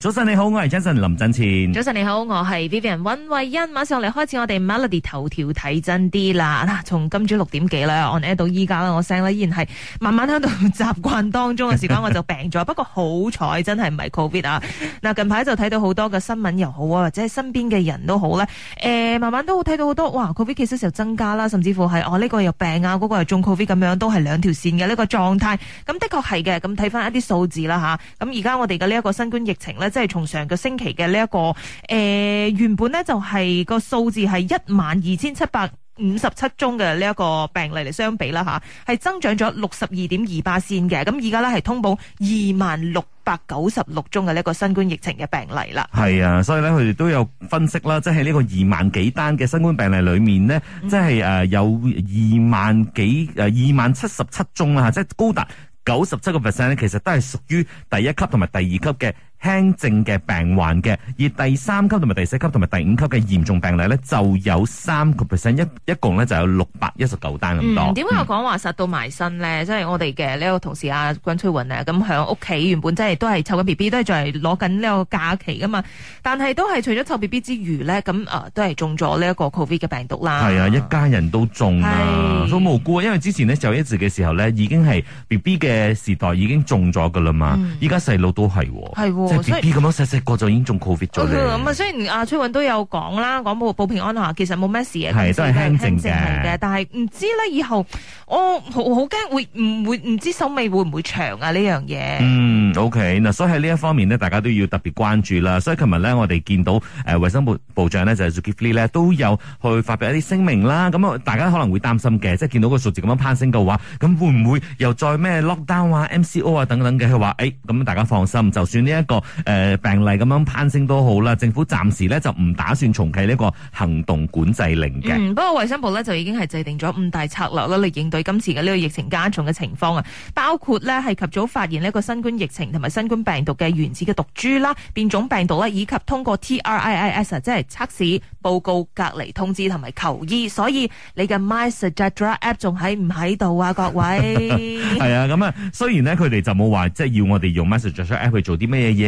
早晨你好，我係 Jason 林振前。早晨你好，我係 Vivian 温慧欣。馬上嚟開始我哋 Melody 頭條睇真啲啦。嗱，從今朝六點幾啦 on air 到依家啦，我聲依然係慢慢喺度習慣當中嘅時間，我就病咗。 不過好彩真係唔係 Covid 啊。嗱，近排就睇到多好多嘅新聞又好啊，或者係身邊嘅人都好呢。誒、呃，慢慢都睇到好多哇，Covid 其實就增加啦，甚至乎係哦呢、呢個又病啊，嗰、嗰個又中 Covid 咁樣，都係兩條線嘅呢、呢個狀態。咁的確係嘅。咁睇翻一啲數字啦吓。咁而家我哋嘅呢一個新冠疫情咧。即係從上個星期嘅呢一個誒、呃，原本咧就係個數字係一萬二千七百五十七宗嘅呢一個病例嚟相比啦，吓係增長咗六十二點二八綫嘅。咁而家咧係通報二萬六百九十六宗嘅呢一個新冠疫情嘅病例啦。係啊，所以咧佢哋都有分析啦，即係呢個二萬幾單嘅新冠病例裏面呢、就是，即係誒有二萬幾誒二萬七十七宗啦吓，即係高達九十七個 percent 咧，其實都係屬於第一級同埋第二級嘅。輕症嘅病患嘅，而第三級同埋第四級同埋第五級嘅嚴重病例咧，就有三個 percent，一一共咧就有六百一十九單咁多。點解、嗯、我講話殺到埋身咧？嗯、即係我哋嘅呢個同事阿君翠雲啊，咁響屋企原本真係都係湊緊 B B，都係仲係攞緊呢個假期噶嘛。但係都係除咗湊 B B 之餘咧，咁啊都係中咗呢一個 Covid 嘅病毒啦。係啊，一家人都中啊，好是無辜啊。因為之前呢，就一直嘅時候咧，已經係 B B 嘅時代已經中咗噶啦嘛。依家細路都係係、哦。即係 B B 咁樣細細個就已經中 COVID 咗咧。咁啊，雖然啊崔韻都有講啦，講保保平安嚇，其實冇咩事嘅，係都係輕症嘅。但係唔知咧，以後我好好驚會唔會唔知手尾會唔會長啊呢樣嘢。嗯，OK 嗱，所以喺呢一方面咧，大家都要特別關注啦。所以琴日咧，我哋見到誒衞生部部長咧就係 Giffey 咧都有去發表一啲聲明啦。咁啊，大家可能會擔心嘅，即係見到個數字咁樣攀升嘅話，咁會唔會又再咩 lockdown 啊、MCO 啊等等嘅？佢話誒，咁大家放心，就算呢一個。誒、呃，病例咁樣攀升都好啦，政府暫時咧就唔打算重啟呢個行動管制令嘅、嗯。不過衛生部咧就已經係制定咗五大策略啦，嚟應對今次嘅呢個疫情加重嘅情況啊，包括咧係及早發現呢個新冠疫情同埋新冠病毒嘅原始嘅毒株啦、變種病毒啦，以及通過 TRIIS 即係測試報告隔離通知同埋求醫。所以你嘅 MySejahtera App 仲喺唔喺度啊？各位係 啊，咁啊，雖然呢，佢哋就冇話即係要我哋用 MySejahtera App 去做啲咩嘢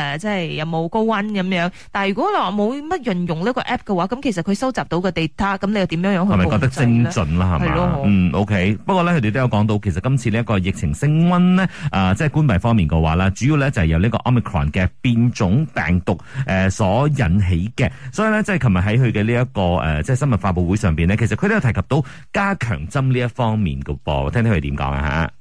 誒，即係有冇高温咁樣？但係如果你話冇乜人用呢個 app 嘅話，咁其實佢收集到嘅 data，咁你又點樣樣去？係咪覺得精準啦？係嘛？了嗯，OK。不過咧，佢哋都有講到，其實今次呢一個疫情升溫咧，誒、呃，即係關閉方面嘅話啦，主要咧就係、是、由呢個 omicron 嘅變種病毒誒、呃、所引起嘅。所以咧，即係琴日喺佢嘅呢一個誒、呃，即係新聞發布會上邊呢，其實佢都有提及到加強針呢一方面嘅噃。我聽聽佢點講啊吓？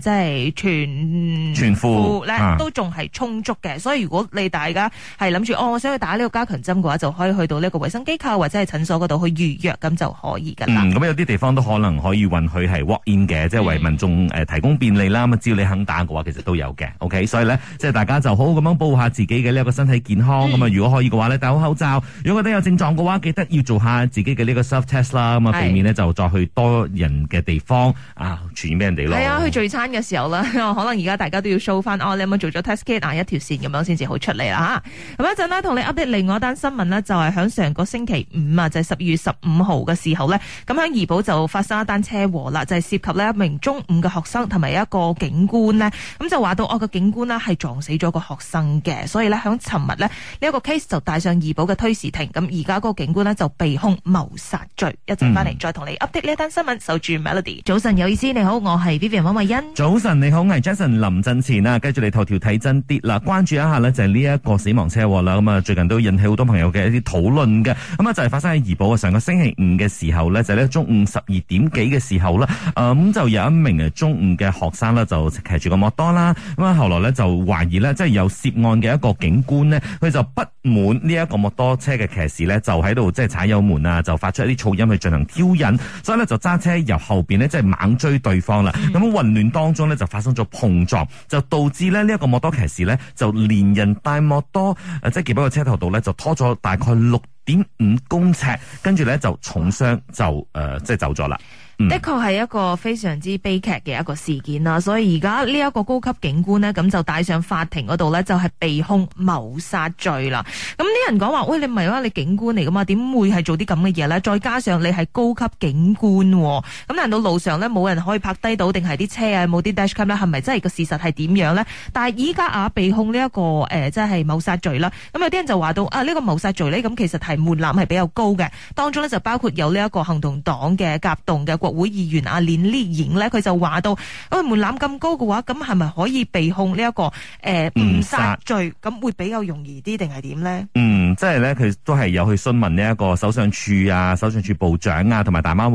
即係全全副咧，部嗯、都仲係充足嘅。所以如果你大家係諗住哦，我想去打呢個加強針嘅話，就可以去到呢個衞生機構或者係診所嗰度去預約咁就可以噶啦。咁、嗯、有啲地方都可能可以允許係 walk in 嘅，即係為民眾誒提供便利啦。咁、嗯、只要你肯打嘅話，其實都有嘅。OK，所以咧，即係大家就好好咁樣保護下自己嘅呢一個身體健康。咁啊、嗯，如果可以嘅話咧，戴好口罩。如果覺得有症狀嘅話，記得要做下自己嘅呢個 self test 啦。咁啊是，避免呢就再去多人嘅地方啊傳染俾人哋咯。係啊，去聚餐。嘅時候可能而家大家都要 show 翻，哦，你有冇做咗 test kit 啊？一條綫咁樣先至好出嚟啦吓。咁一陣呢，同你 update 另外一單新聞呢，就係響上個星期五啊，就係十二月十五號嘅時候呢。咁喺怡寶就發生一單車禍啦，就係、是、涉及呢一名中五嘅學生同埋一個警官呢。咁就話到我嘅警官呢係撞死咗個學生嘅，所以呢，響尋日呢，呢一個 case 就帶上怡寶嘅推事庭。咁而家嗰個警官呢，就被控謀殺罪。一陣翻嚟再同你 update 呢一單新聞，守住 Melody。早晨有意思，你好，我係 Vivian 溫慧欣。早晨，你好，我係 Jason 林振前啊，跟住嚟頭條睇真啲啦，關注一下咧，就係呢一個死亡車禍啦，咁啊最近都引起好多朋友嘅一啲討論嘅，咁啊就係、是、發生喺怡保啊，上個星期五嘅時候咧就咧、是、中午十二點幾嘅時候啦，誒咁就有一名中午嘅學生咧就騎住個摩托啦，咁啊後來咧就懷疑咧即係有涉案嘅一個警官咧，佢就不滿呢一個摩托車嘅騎士咧就喺度即係踩油門啊，就發出一啲噪音去進行挑釁，所以咧就揸車由後邊咧即係猛追對方啦，咁、嗯、混亂當。當中咧就發生咗碰撞，就導致咧呢一個莫多騎士咧就連人帶莫多，車即係夾喺個車頭度咧就拖咗大概六點五公尺，跟住咧就重傷就誒即係走咗啦。的確係一個非常之悲劇嘅一個事件啦，所以而家呢一個高級警官呢，咁就帶上法庭嗰度呢，就係、是、被控謀殺罪啦。咁啲人講話，喂，你唔係話你警官嚟噶嘛？點會係做啲咁嘅嘢呢？再加上你係高級警官，啊，咁難道路上呢，冇人可以拍低到，定係啲車啊冇啲 dashcam 咧？係咪真係個事實係點樣呢？但係依家啊，被控呢、這、一個誒，即係謀殺罪啦。咁有啲人就話到啊，呢、這個謀殺罪呢，咁其實係門檻係比較高嘅，當中呢，就包括有呢一個行動黨嘅夾動嘅國會議員阿連呢影，咧，佢就話到：，因為門檻咁高嘅話，咁係咪可以被控呢、這、一個誒、呃、殺誤殺罪，咁會比較容易啲定係點咧？呢嗯。即係咧，佢都係有去詢問呢一個首相處啊、首相處部長啊，同埋大馬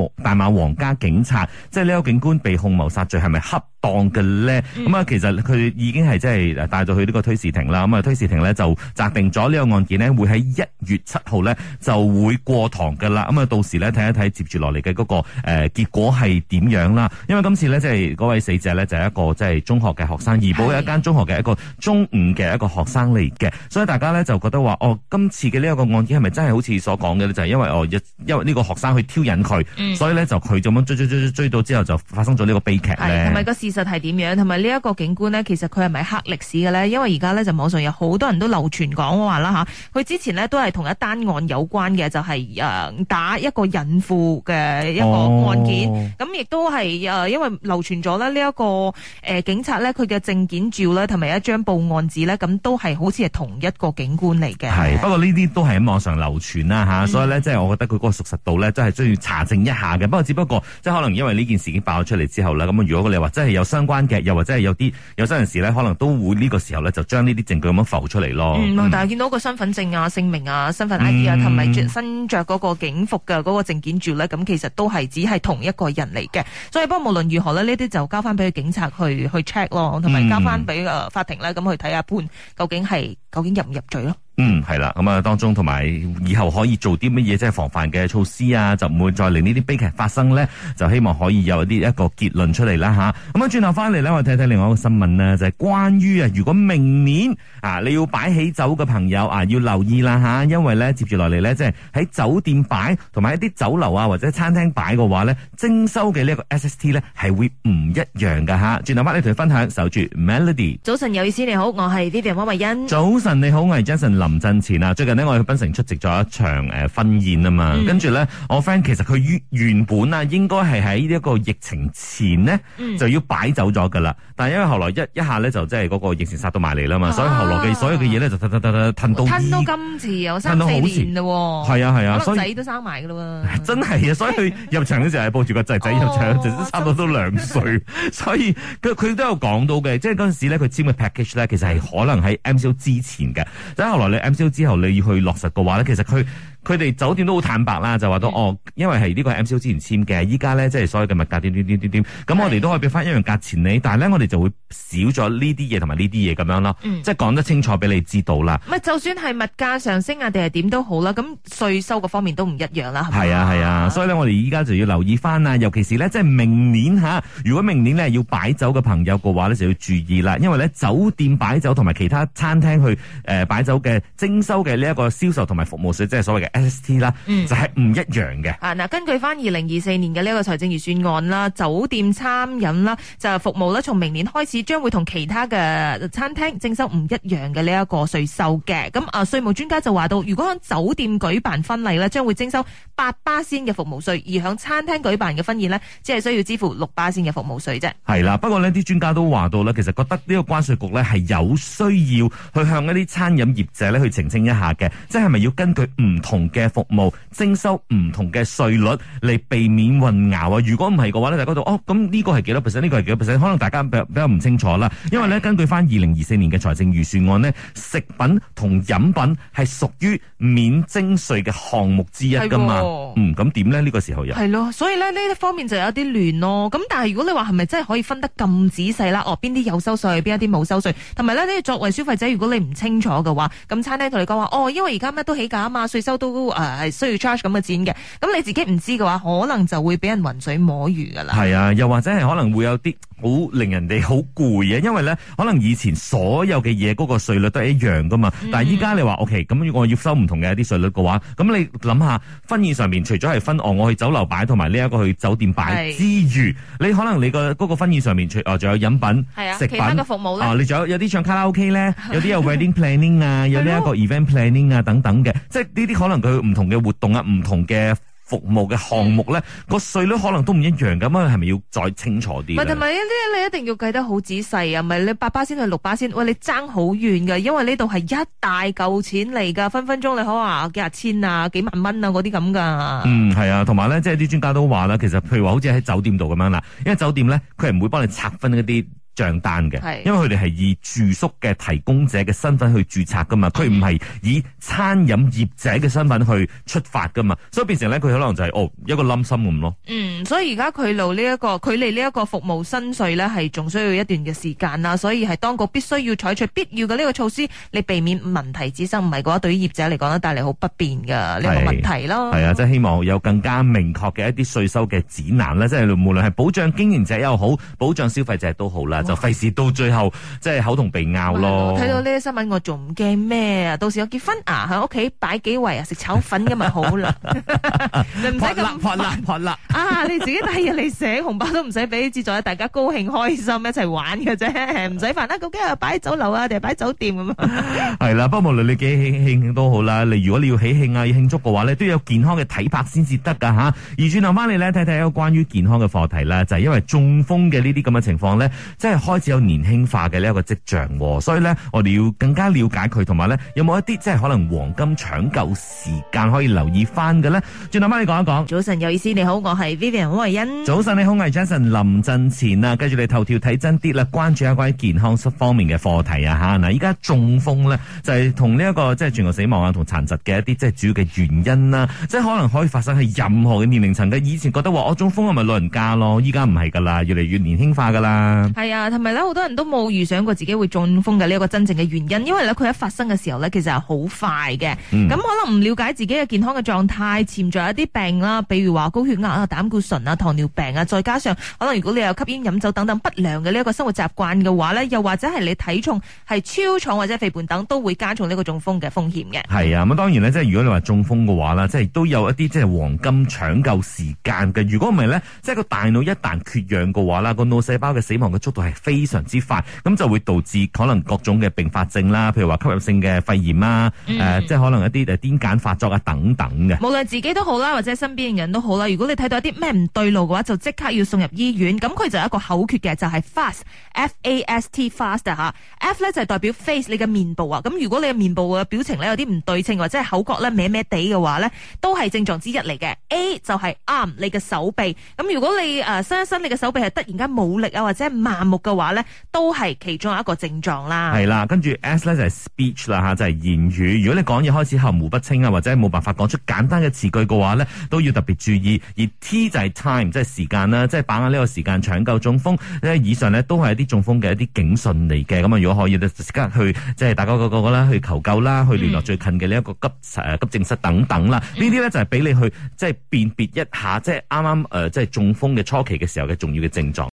皇家警察，即係呢個警官被控謀殺罪係咪恰當嘅咧？咁啊、嗯，其實佢已經係即係帶到去呢個推事庭啦。咁啊，推事庭呢就核定咗呢個案件呢會喺一月七號呢就會過堂㗎啦。咁啊，到時呢睇一睇接住落嚟嘅嗰個誒、呃、結果係點樣啦？因為今次呢，即係嗰位死者呢，就係、是、一個即係中學嘅學生，而保有一間中學嘅一個中五嘅一個學生嚟嘅，是所以大家呢，就覺得話哦今。嘅呢一個案件係咪真係好似所講嘅咧？就係、是、因為我因呢個學生去挑釁佢，嗯、所以呢，就佢就咁追追追追追到之後就發生咗呢個悲劇咧。唔係、哎、個事實係點樣？同埋呢一個警官呢，其實佢係咪黑歷史嘅呢？因為而家呢，就網上有好多人都流傳講話啦嚇，佢、啊、之前呢，都係同一單案有關嘅，就係、是、誒、呃、打一個孕婦嘅一個案件，咁亦、哦、都係誒、呃、因為流傳咗呢一個誒、呃、警察呢，佢嘅證件照呢，同埋一張報案紙呢，咁都係好似係同一個警官嚟嘅。係，不過呢啲都係喺網上流傳啦，吓、嗯啊，所以咧，即係我覺得佢嗰個屬實度咧，真係需要查證一下嘅。不過只不過，即係可能因為呢件事件爆咗出嚟之後啦，咁如果你話真係有相關嘅，又或者係有啲有啲人士咧，可能都會呢個時候咧就將呢啲證據咁樣浮出嚟咯。嗯嗯、但係見到個身份證啊、姓名啊、身份 ID 啊，同埋着身着嗰個警服嘅嗰個證件照咧，咁其實都係只係同一個人嚟嘅。所以，不過無論如何呢，呢啲就交翻俾警察去去 check 咯，同埋交翻俾誒法庭咧，咁去睇下判究竟係究竟入唔入罪咯。嗯，係啦，咁啊，當中同埋以後可以做啲乜嘢即係防範嘅措施啊，就唔會再令呢啲悲劇發生咧，就希望可以有啲一,一個結論出嚟啦吓。咁啊，轉頭翻嚟咧，我哋睇睇另外一個新聞啊，就係、是、關於啊，如果明年啊，你要擺喜酒嘅朋友啊，要留意啦吓、啊，因為咧接住落嚟咧，即係喺酒店擺同埋一啲酒樓啊或者餐廳擺嘅話咧，徵收嘅呢一個 SST 咧係會唔一樣噶吓。轉頭翻嚟同你分享，守住 Melody。早晨，有意思你好，我係 Vivian 溫慧欣。早晨你好，我係 Jason 林真前啊，最近、嗯、呢，我去檳城出席咗一場誒婚宴啊嘛，跟住咧我 friend 其實佢原本啊應該係喺呢一個疫情前咧、嗯、就要擺走咗噶啦，但係因為後來一一下咧就即係嗰個疫情殺到埋嚟啦嘛，所以後來嘅所有嘅嘢咧就褪褪褪褪褪到，到今次有三四年嘞喎，係啊係啊，所以仔都生埋噶啦，真係啊，所以佢入場嗰時係抱住個仔仔入場，仲差唔多都兩歲，所以佢佢都有講到嘅，即係嗰陣時咧佢簽嘅 package 咧其實係可能喺 M C O 之前嘅，但後來。MCO 之後，你要去落實嘅話咧，其實佢。佢哋酒店都好坦白啦，就話到、嗯、哦，因為係呢、呢個 MCO 之前簽嘅，依家咧即係所有嘅物價點點點點點，咁我哋都可以俾翻一樣價錢你，但係咧我哋就會少咗呢啲嘢同埋呢啲嘢咁樣咯，嗯、即係講得清楚俾你知道啦。咪、嗯、就算係物價上升啊，定係點都好啦，咁稅收嗰方面都唔一樣啦，係啊係啊，所以咧我哋依家就要留意翻啦，尤其是咧即係明年嚇，如果明年咧要擺酒嘅朋友嘅話咧就要注意啦，因為咧酒店擺酒同埋其他餐廳去誒、呃、擺酒嘅徵收嘅呢一個銷售同埋服務稅，即係所謂嘅。S.T. 啦，就係唔一樣嘅，嗯。啊，嗱，根據翻二零二四年嘅呢一個財政預算案啦，酒店餐飲啦，就係服務咧，從明年開始將會同其他嘅餐廳徵收唔一樣嘅呢一個稅收嘅。咁啊，稅務專家就話到，如果喺酒店舉辦婚禮呢，將會徵收八巴仙嘅服務稅；而喺餐廳舉辦嘅婚宴呢，只係需要支付六巴仙嘅服務稅啫。係啦，不過呢啲專家都話到呢，其實覺得呢個關稅局呢係有需要去向一啲餐飲業者呢去澄清一下嘅，即係係咪要根據唔同。嘅服務徵收唔同嘅稅率嚟避免混淆啊！如果唔係嘅話咧，大家都哦咁呢個係幾多 percent？呢個係幾多 percent？可能大家比比較唔清楚啦。因為咧，是根據翻二零二四年嘅財政預算案呢，食品同飲品係屬於免徵稅嘅項目之一噶嘛。的嗯，咁點呢？呢個時候又係咯，所以呢，呢一方面就有啲亂咯。咁但係如果你話係咪真係可以分得咁仔細啦？哦，邊啲有收稅，邊啲冇收稅。同埋咧，呢作為消費者，如果你唔清楚嘅話，咁餐廳同你講話哦，因為而家咩都起價啊嘛，稅收都。都誒、uh, 需要 charge 咁嘅錢嘅，咁你自己唔知嘅話，可能就會俾人渾水摸魚噶啦。係啊，又或者係可能會有啲好令人哋好攰嘅，因為咧可能以前所有嘅嘢嗰個稅率都係一樣噶嘛，嗯、但係依家你話 OK，咁如果我要收唔同嘅一啲稅率嘅話，咁你諗下婚宴上面除咗係分、哦、我去酒樓擺同埋呢一個去酒店擺是之餘，你可能你個嗰婚宴上面除咗仲有飲品食啊，其他嘅品服務、哦、你仲有有啲唱卡拉 OK 咧，有啲有 wedding planning 啊， 有呢一個 event planning 啊等等嘅，的即係呢啲可能。佢唔同嘅活動啊，唔同嘅服務嘅項目咧，嗯、個稅率可能都唔一樣咁嘛。係咪要再清楚啲？唔係，同埋呢啲你一定要計得好仔細啊，唔係你八巴先，去六巴先。喂，你爭好遠噶，因為呢度係一大嚿錢嚟噶，分分鐘你可話幾廿千啊幾萬蚊啊嗰啲咁噶。樣。嗯，係啊，同埋咧，即係啲專家都話啦，其實譬如話好似喺酒店度咁樣啦，因為酒店咧，佢係唔會幫你拆分一啲賬單嘅，因為佢哋係以住宿嘅提供者嘅身份去註冊噶嘛，佢唔係以餐飲業者嘅身份去出發噶嘛，所以變成咧佢可能就係、是、哦一個冧心咁咯。嗯，所以而家佢路呢一個佢哋呢一個服務薪稅咧係仲需要一段嘅時間啦，所以係當局必須要採取必要嘅呢個措施，嚟避免問題滋生。唔係嘅話，對於業者嚟講咧，帶嚟好不便嘅呢個問題咯。係啊，即係希望有更加明確嘅一啲稅收嘅指南咧，即係無論係保障經營者又好，保障消費者都好啦。就費事到最後即係口同鼻拗咯。我睇到呢啲新聞我仲唔驚咩啊？到時我結婚啊喺屋企擺幾圍啊食炒粉咁咪好啦。就唔使咁煩啦煩啦煩啦啊！你自己第日嚟寫紅包都唔使俾，志在大家高興開心一齊玩嘅啫，唔使煩啦。究竟係擺喺酒樓啊定係擺喺酒店咁啊？係啦，不過無論你幾慶慶慶都好啦。你如果你要喜慶啊要慶祝嘅話咧，都要有健康嘅體魄先至得噶吓。而轉頭翻嚟咧睇睇有關於健康嘅課題啦，就係因為中風嘅呢啲咁嘅情況咧，即係。開始有年輕化嘅呢一個跡象，所以咧我哋要更加了解佢，同埋咧有冇一啲即係可能黃金搶救時間可以留意翻嘅咧？轉頭翻去講一講。早晨有意思，你好，我係 Vivian 歐慧欣。早晨，你好，我係 Jason 林振前啊！跟住你頭條睇真啲啦，關注下關於健康方面嘅課題啊吓。嗱，依家中風咧就係同呢一個即係、就是、全球死亡啊同殘疾嘅一啲即係主要嘅原因啦，即係可能可以發生喺任何嘅年齡層嘅。以前覺得話我中風係咪老人家咯？依家唔係噶啦，越嚟越年輕化噶啦。係啊。同埋咧，好多人都冇預想過自己會中風嘅呢一個真正嘅原因，因為佢一發生嘅時候呢，其實係好快嘅。咁、嗯、可能唔了解自己嘅健康嘅狀態，潛在一啲病啦，比如話高血壓啊、膽固醇啊、糖尿病啊，再加上可能如果你有吸煙、飲酒等等不良嘅呢一個生活習慣嘅話呢，又或者係你體重係超重或者肥胖等，都會加重呢個中風嘅風險嘅。係啊，咁當然呢，即係如果你話中風嘅話啦，即係都有一啲即係黃金搶救時間嘅。如果唔係呢，即係個大腦一旦缺氧嘅話啦，個腦細胞嘅死亡嘅速度係。非常之快，咁就會導致可能各種嘅併發症啦，譬如話吸入性嘅肺炎啦，誒、嗯呃，即係可能一啲誒癲癇發作啊等等嘅。無論自己都好啦，或者身邊嘅人都好啦，如果你睇到一啲咩唔對路嘅話，就即刻要送入醫院。咁佢就有一個口訣嘅，就係、是、FAST，F A S T，fast 嚇、啊，F 咧就係代表 face 你嘅面部啊。咁如果你嘅面部嘅表情咧有啲唔對稱，或者係口角咧歪歪地嘅話咧，都係症狀之一嚟嘅。A 就係 arm 你嘅手臂，咁如果你誒、呃、伸一伸你嘅手臂係突然間冇力啊，或者麻木。嘅話咧，都係其中一個症狀啦。係啦，跟住 S 咧就係 speech 啦吓，就係言語。如果你講嘢開始含糊不清啊，或者係冇辦法講出簡單嘅詞句嘅話咧，都要特別注意。而 T 就係 time，即係時間啦，即係把握呢個時間搶救中風。呢以上咧都係一啲中風嘅一啲警訊嚟嘅。咁啊，如果可以咧，即刻去即係大家個個啦去求救啦，去聯絡最近嘅呢一個急、嗯、急症室等等啦。呢啲咧就係俾你去即係辨別一下，即係啱啱誒即係中風嘅初期嘅時候嘅重要嘅症狀。